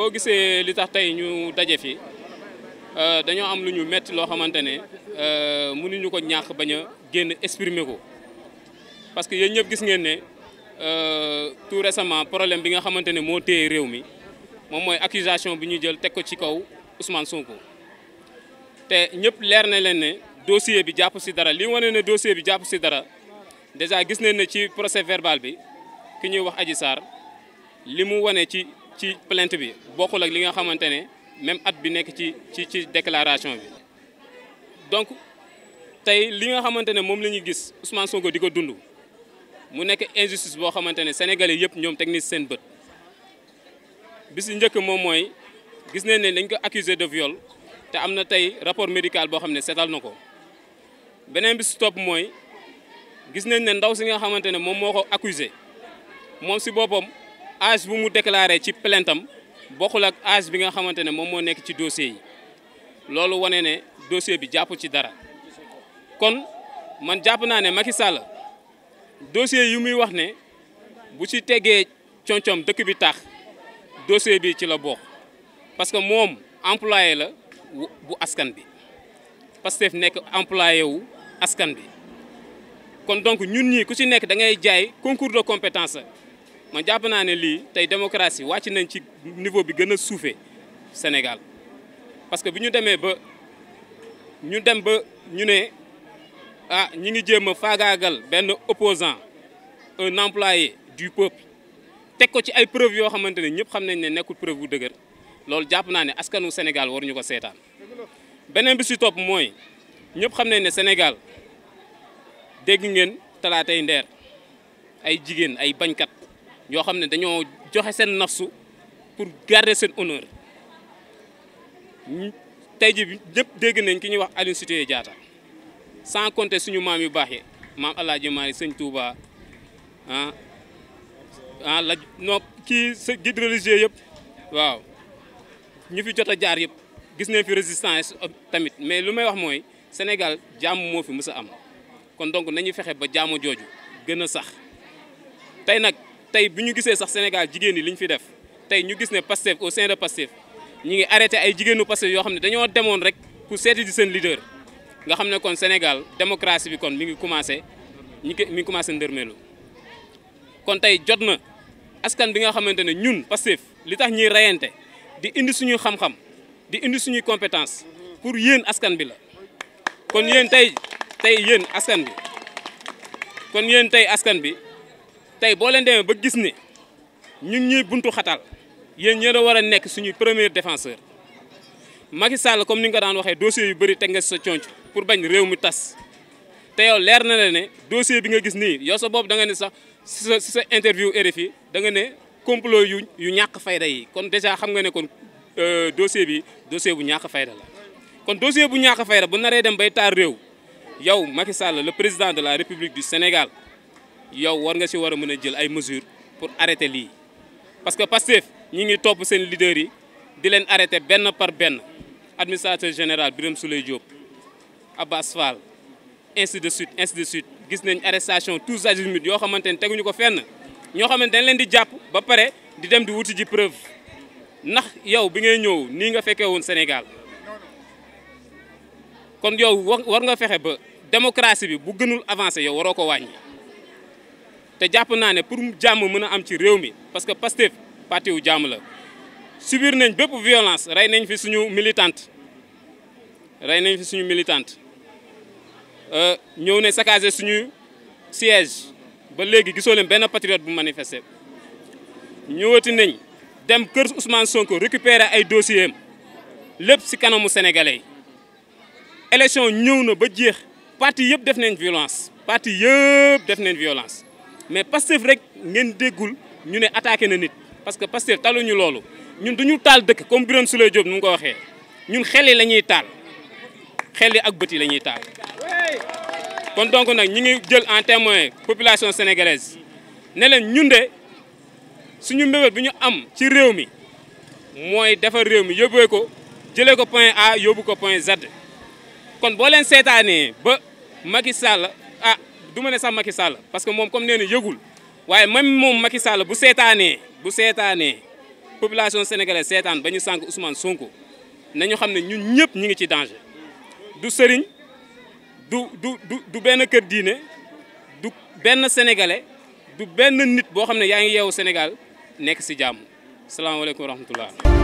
boo gisee li tax tey ñu daje fi euh, dañoo am lu ñu metti loo xamante ne euh, mënuñu ko ñàkk bañ génn exprimer ko parce que yéen ñëpp gis ngeen ne euh, tout récemment problème bi nga xamante ne moo téye réew mi moom mooy accusation bi ñu jël teg ko ci kaw Ousmane Sonko te ñëpp leer na leen ne dossier bi jàpp si dara li wane ne dossier bi jàpp si dara déjà gis nañ ne ci procès verbal bi ki ñuy wax aji Sarr li mu wane ci ci plainte bi bokkul ak li nga xamante ne même at bi nekk ci ci ci déclaration bi donc tey li nga xamante ne moom la ñuy gis soo ko di ko dund mu nekk injustice boo xamante ne sénégalais yëpp ñoom teg ni seen bët bi si njëkk moom mooy gis nañ ne dañ ko accusé de viol te am na tey rapport médical boo xam ne seetal na ko beneen bi si mooy gis nañ ne ndaw si nga xamante ne moom moo ko accusé moom si boppam. âge bu mu déclaré ci plaintam bokkul ak âge bi nga xamante ne moom moo nekk ci dossier yi loolu wane ne dossier bi jàpp ci dara kon man jàpp naa ne Macky Sall dossier yi muy wax ne bu ci tegee concom dëkk bi tax dossier bi ci la bokk parce que moom employé la bu askan bi Pastef nekk employé wu askan bi kon donc ñun ñii ku ci nekk da ngay jaay concours de compétence man jàpp naa ne lii tey démocratie wàcc nañ ci niveau bi gën a suufee senegal parce que bi ñu demee ba ñu dem ba ñu ne ah ñi ngi jéem a faagaagal benn opposant un employé du peuple teg ko ci ay preuve yoo xamante ne ñëpp xam nañ ne nekkul preuve bu dëgër loolu jàpp naa ne askanu Sénégal waruñu ko seetaan beneen bi si topp mooy ñëpp xam nañ ne senegal dégg ngeen talaatay ndeer ay jigéen ay bañkat yoo xam ne dañoo joxe seen nafsu pour garder seen honneur tey ji ñëpp dégg nañ ki ñuy wax Aline Sitoé Diatta sans compter suñu maam yu baax yi maam El Hadj sëñ Touba ah ah la non kii sa guide religieux yëpp waaw ñu fi jot a jaar yëpp gis nañ fi résistance tamit mais lu may wax mooy Sénégal jàmm moo fi mës a am kon donc nañu fexe ba jàmm jooju gën a sax tey nag tey bu ñu gisee sax Sénégal jigéen ñi li ñu fi def tey ñu gis ne Pastef au sein de Pastef ñu ngi arrêté ay jigéenu Pastef yoo xam ne dañoo demoon rek ku seeti di seen leader nga xam ne kon Sénégal démocratie bi kon mi ngi commencé ñi mi ngi commencé ndërmeelu kon tey jot na askan bi nga xamante ne ñun Pastef li tax ñuy reyante di indi suñuy xam-xam di indi suñuy compétence pour yéen askan bi la kon yéen tey tey yéen askan bi kon yéen tey askan bi tey boo leen demee ba gis ne ñu ñuy buntu xatal yéen ñoo la war a nekk suñuy premier défenseur Macky Sall comme ni nga ko daan waxee dossier yu bëri teg nga sa conc pour bañ réew mi tas te yow leer na la ne dossier bi nga gis nii yow sa bopp da nga ne sax si sa si sa interview RFI da nga ne complot yu yu ñàkk fayda yi kon déjà xam nga ne kon euh, dossier bi dossier bu ñàkk fayda la kon dossier bu ñàkk fayda bu naree dem bay taar réew yow Macky Sall la président de la République du Sénégal yow war nga si war a mën a jël ay mesures pour arrêter lii parce que Pastef ñi ngi topp seen leaders yi di leen arrêter benn par benn administrateur général Birame Souleye Diop Abbas Fall ainsi de suite ainsi de suite gis nañ arrestation tous azimuts yoo xamante ne teguñu ko fenn ñoo xamante dañ leen di jàpp ba pare di dem di wuti ji preuve ndax yow bi ngay ñëw nii nga fekkee woon Sénégal kon yow war nga fexe ba démocratie bi bu gënul avancer yow waroo ko wàññi. te jàpp naa ne pour jàmm mën a am ci réew mi parce que Pastef parti wu jàmm la subir nañ bépp violence rey nañ fi suñu militante rey nañ fi suñu militante euh, ñëw ne saccagé suñu siège ba léegi gisoo leen benn patriote bu manifester ñëwati nañ dem kër Ousmane Sonko récupérer ay dossier am lépp si kanamu sénégalais yi élection ñëw na ba jeex parti yëpp def nañ violence parti yëpp def nañ violence mais Pastef rek ngeen déggul ñu ne attaqué na nit parce que Pastef taluñu loolu ñun duñu taal dëkk comme Birame Souleye Diop nu mu ko waxee ñun xel yi la ñuy taal xel yi ak bët yi lañuy ñuy taal kon donc nag ñi ngi jël en témoin population sénégalaise ne leen ñun de suñu mbébét bi ñu am ci réew mi mooy defar réew mi yóbbee ko jëlee ko point A yóbbu ko point Z kon boo leen seetaanee ba Macky Sall du ma ne sax Macky Sall parce que moom comme nee na yëgul waaye même moom Macky Sall bu seetaanee bu seetaanee population sénégalaise seetaan ba ñu sànq Ousmane Sonko nañu xam ne ñun ñëpp ñu ngi ci danger du sëriñ du du du benn kër diine du benn sénégalais du benn nit boo xam ne yaa ngi yeewu Sénégal nekk si jàmm salaamaaleykum wa rahmatullah